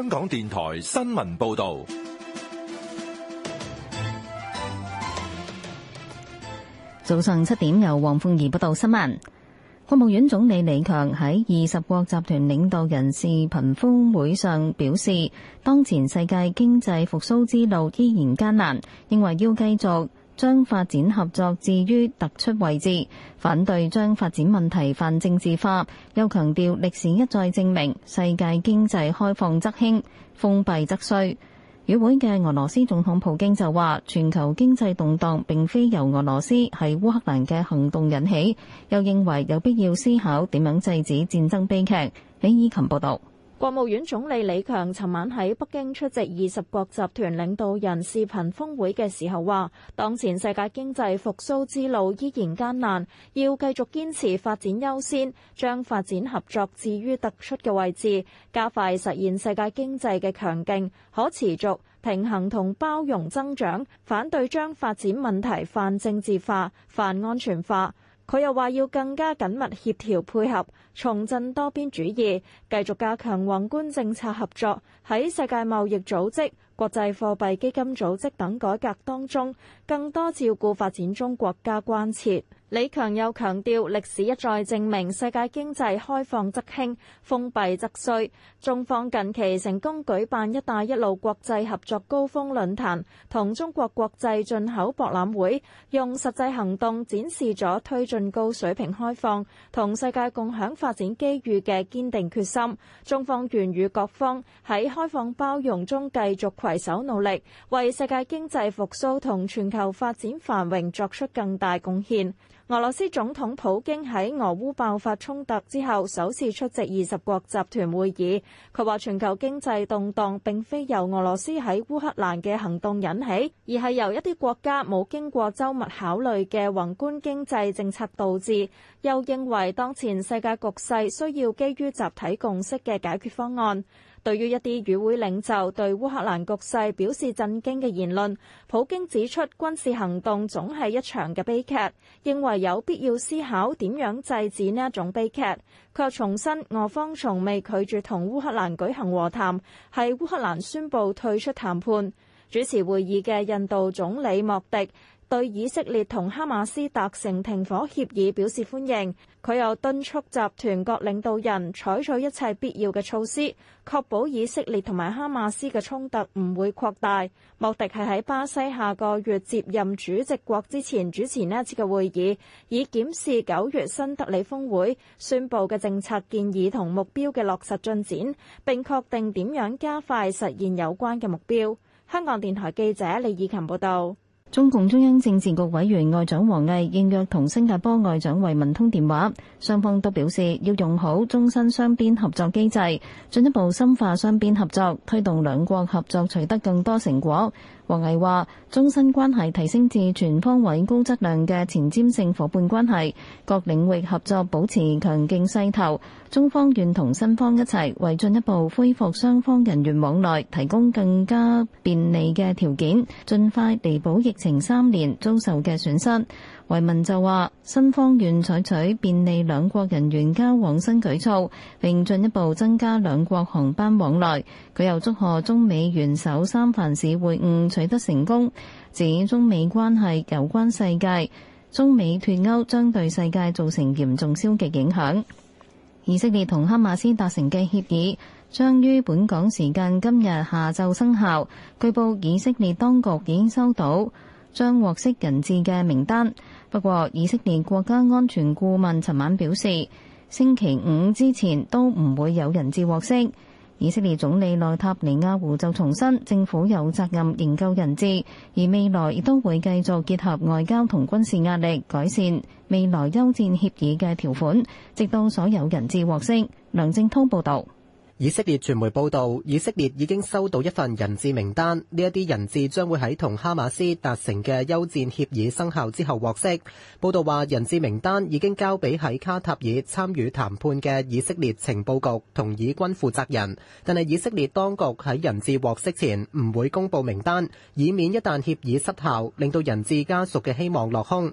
香港電台新聞報道，早上七點由黃鳳儀報道新聞。國務院總理李強喺二十國集團領導人視頻峰會上表示，當前世界經濟復甦之路依然艱難，認為要繼續將發展合作置於突出位置，反對將發展問題泛政治化，又強調歷史一再證明，世界經濟開放則興，封閉則衰。與會嘅俄羅斯總統普京就話，全球經濟動盪並非由俄羅斯喺烏克蘭嘅行動引起，又認為有必要思考點樣制止戰爭悲劇。李以琴報道。國務院總理李強尋晚喺北京出席二十國集團領導人視頻峰會嘅時候話，當前世界經濟復蘇之路依然艱難，要繼續堅持發展優先，將發展合作置於突出嘅位置，加快實現世界經濟嘅強勁、可持續、平衡同包容增長，反對將發展問題泛政治化、泛安全化。佢又話：要更加緊密協調配合，重振多邊主義，繼續加強宏觀政策合作，喺世界貿易組織、國際貨幣基金組織等改革當中，更多照顧發展中國家關切。李強又強調，歷史一再證明，世界經濟開放則興，封閉則衰。中方近期成功舉辦“一帶一路”國際合作高峰論壇同中國國際進口博覽會，用實際行動展示咗推進高水平開放同世界共享發展機遇嘅堅定決心。中方願與各方喺開放包容中繼續攜手努力，為世界經濟復蘇同全球發展繁榮作出更大貢獻。俄羅斯總統普京喺俄烏爆發衝突之後首次出席二十國集團會議，佢話全球經濟動盪並非由俄羅斯喺烏克蘭嘅行動引起，而係由一啲國家冇經過周密考慮嘅宏觀經濟政策導致。又認為當前世界局勢需要基於集體共識嘅解決方案。對於一啲與會領袖對烏克蘭局勢表示震驚嘅言論，普京指出軍事行動總係一場嘅悲劇，認為有必要思考點樣制止呢一種悲劇。佢重申俄方從未拒絕同烏克蘭舉行和談，係烏克蘭宣布退出談判。主持會議嘅印度總理莫迪，對以色列同哈馬斯達成停火協議表示歡迎，佢又敦促集團各領導人採取一切必要嘅措施，確保以色列同埋哈馬斯嘅衝突唔會擴大。莫迪係喺巴西下個月接任主席國之前主持呢一次嘅會議，以檢視九月新德里峰會宣布嘅政策建議同目標嘅落實進展，並確定點樣加快實現有關嘅目標。香港電台記者李以琴報道。中共中央政治局委員外長王毅應約同新加坡外長維文通電話，雙方都表示要用好中新雙邊合作機制，進一步深化雙邊合作，推動兩國合作取得更多成果。王毅話，中新關係提升至全方位高質量嘅前瞻性伙伴關係，各領域合作保持強勁勢頭，中方願同新方一齊為進一步恢復雙方人員往來提供更加便利嘅條件，盡快彌補疫情三年遭受嘅損失。維文就話：新方願採取便利兩國人員交往新舉措，並進一步增加兩國航班往來。佢又祝賀中美元首三藩市會晤取得成功，指中美關係攸關世界，中美脱歐將對世界造成嚴重消極影響。以色列同哈馬斯達成嘅協議將於本港時間今日下晝生效。據報以色列當局已經收到將獲釋人質嘅名單。不過，以色列國家安全顧問尋晚表示，星期五之前都唔會有人質獲釋。以色列總理內塔尼亞胡就重申，政府有責任營救人質，而未來亦都會繼續結合外交同軍事壓力，改善未來休戰協議嘅條款，直到所有人質獲釋。梁正滔報道。以色列傳媒報道，以色列已經收到一份人質名單。呢一啲人質將會喺同哈馬斯達成嘅休戰協議生效之後獲釋。報道話，人質名單已經交俾喺卡塔爾參與談判嘅以色列情報局同以軍負責人，但係以色列當局喺人質獲釋前唔會公布名單，以免一旦協議失效，令到人質家屬嘅希望落空。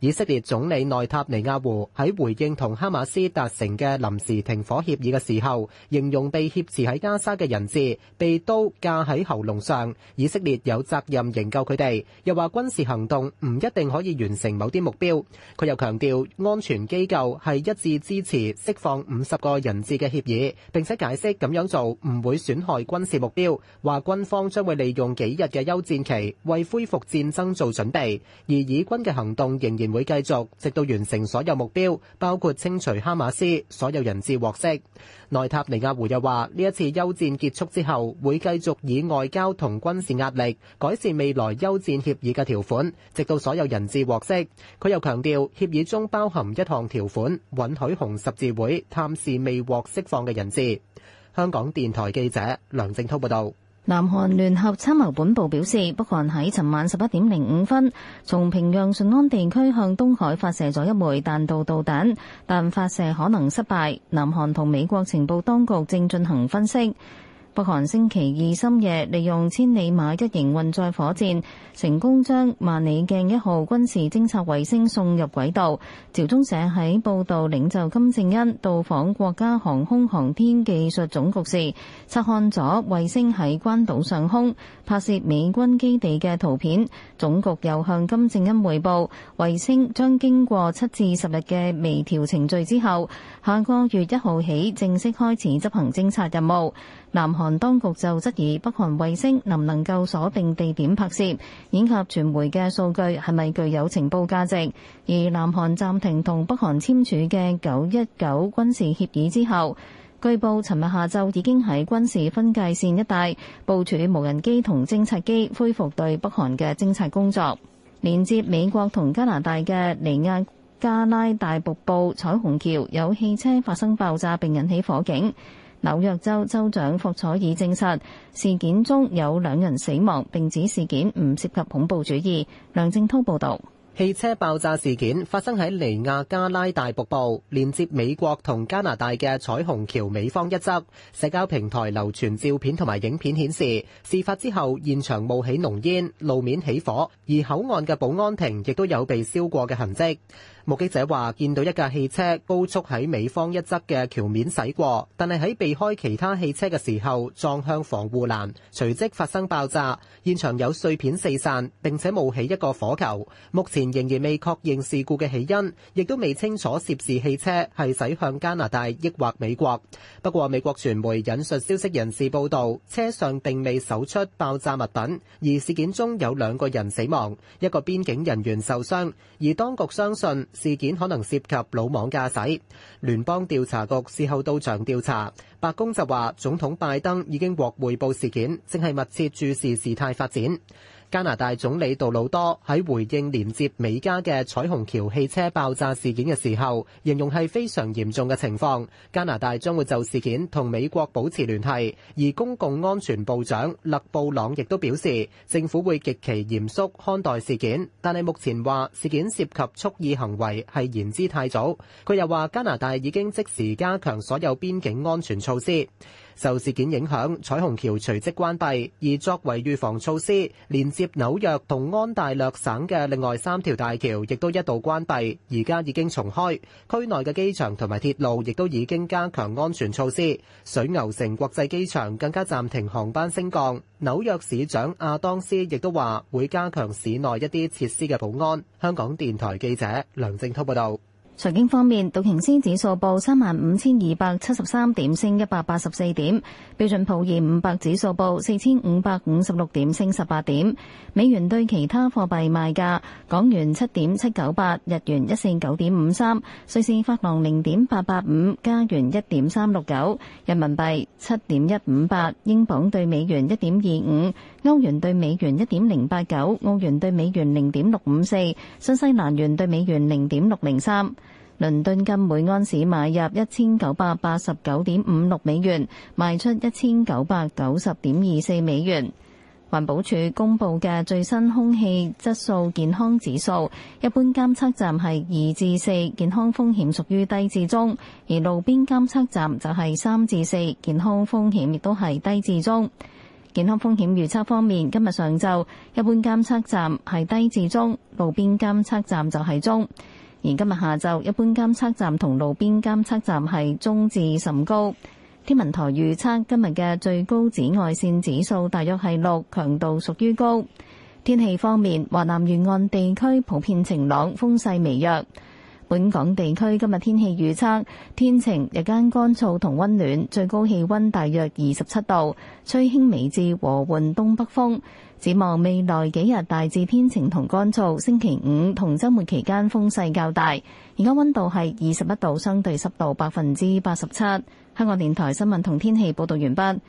以色列總理內塔尼亞胡喺回應同哈馬斯達成嘅臨時停火協議嘅時候，形容被挾持喺加沙嘅人質被刀架喺喉嚨上，以色列有責任營救佢哋。又話軍事行動唔一定可以完成某啲目標。佢又強調安全機構係一致支持釋放五十個人質嘅協議，並且解釋咁樣做唔會損害軍事目標。話軍方將會利用幾日嘅休戰期為恢复戰爭做準備，而以軍嘅行動仍然。會繼續直到完成所有目標，包括清除哈馬斯，所有人質獲釋。內塔尼亞胡又話，呢一次休戰結束之後，會繼續以外交同軍事壓力改善未來休戰協議嘅條款，直到所有人質獲釋。佢又強調，協議中包含一項條款，允許紅十字會探視未獲釋放嘅人質。香港電台記者梁正濤報道。南韓聯合參謀本部表示，北韓喺尋晚十一點零五分，從平壤順安地區向東海發射咗一枚彈道導彈，但發射可能失敗。南韓同美國情報當局正進行分析。北韓星期二深夜利用千里馬一型運載火箭，成功將萬里鏡一號軍事偵察衛星送入軌道。朝中社喺報導，領袖金正恩到訪國家航空航天技術總局時，察看咗衛星喺關島上空拍攝美軍基地嘅圖片。總局又向金正恩彙報，衛星將經過七至十日嘅微調程序之後，下個月一號起正式開始執行偵察任務。南韓當局就質疑北韓衛星能唔能夠鎖定地點拍攝，以及傳媒嘅數據係咪具有情報價值。而南韓暫停同北韓簽署嘅九一九軍事協議之後，據報尋日下晝已經喺軍事分界線一帶部署無人機同偵察機，恢復對北韓嘅偵察工作。連接美國同加拿大嘅尼亞加拉大瀑布彩虹橋有汽車發生爆炸並引起火警。紐約州州長霍楚爾證實事件中有兩人死亡，並指事件唔涉及恐怖主義。梁正濤報道。汽車爆炸事件發生喺尼亞加拉大瀑布，連接美國同加拿大嘅彩虹橋美方一側。社交平台流傳照片同埋影片顯示，事發之後現場冒起濃煙，路面起火，而口岸嘅保安亭亦都有被燒過嘅痕跡。目擊者話，見到一架汽車高速喺美方一側嘅橋面駛過，但係喺避開其他汽車嘅時候撞向防護欄，隨即發生爆炸，現場有碎片四散，並且冒起一個火球。目前仍然未確認事故嘅起因亦都未清楚涉事汽車係駛向加拿大抑或美國不過美國傳媒引述消息人士報道車上並未搜出爆炸物品而事件中有兩個人死亡一個邊境人員受傷而當局相信事件可能涉及魯莽駕駛聯邦調查局事後到場調查白宮就話總統拜登已經獲彙報事件正係密切注視事態發展加拿大總理杜魯多喺回應連接美加嘅彩虹橋汽車爆炸事件嘅時候，形容係非常嚴重嘅情況。加拿大將會就事件同美國保持聯繫，而公共安全部長勒布朗亦都表示，政府會極其嚴肅看待事件，但係目前話事件涉及蓄意行為係言之太早。佢又話加拿大已經即時加強所有邊境安全措施。受事件影響，彩虹橋隨即關閉，而作為預防措施，連接紐約同安大略省嘅另外三條大橋亦都一度關閉，而家已經重開，區內嘅機場同埋鐵路亦都已經加強安全措施，水牛城國際機場更加暫停航班升降。紐約市長亞當斯亦都話會加強市內一啲設施嘅保安。香港電台記者梁正濤報道。財經方面，道瓊斯指數報三萬五千二百七十三點，升一百八十四點；標準普爾五百指數報四千五百五十六點，升十八點。美元對其他貨幣賣價，港元七點七九八，日元一四九點五三，瑞士法郎零點八八五，加元一點三六九，人民幣七點一五八，英鎊對美元一點二五，歐元對美元一點零八九，澳元對美元零點六五四，新西蘭元對美元零點六零三。倫敦金每安士買入一千九百八十九點五六美元，賣出一千九百九十點二四美元。環保署公布嘅最新空氣質素健康指數，一般監測站係二至四，健康風險屬於低至中；而路邊監測站就係三至四，健康風險亦都係低至中。健康風險預測方面，今日上晝一般監測站係低至中，路邊監測站就係中。而今日下晝，一般監測站同路邊監測站係中至甚高。天文台預測今日嘅最高紫外線指數大約係六，強度屬於高。天氣方面，華南沿岸地區普遍晴朗，風勢微弱。本港地區今日天氣預測，天晴，日間乾燥同温暖，最高氣温大約二十七度，吹輕微至和緩東北風。展望未來幾日大致天晴同乾燥，星期五同周末期間風勢較大。而家温度係二十一度，相對濕度百分之八十七。香港電台新聞同天氣報道完畢。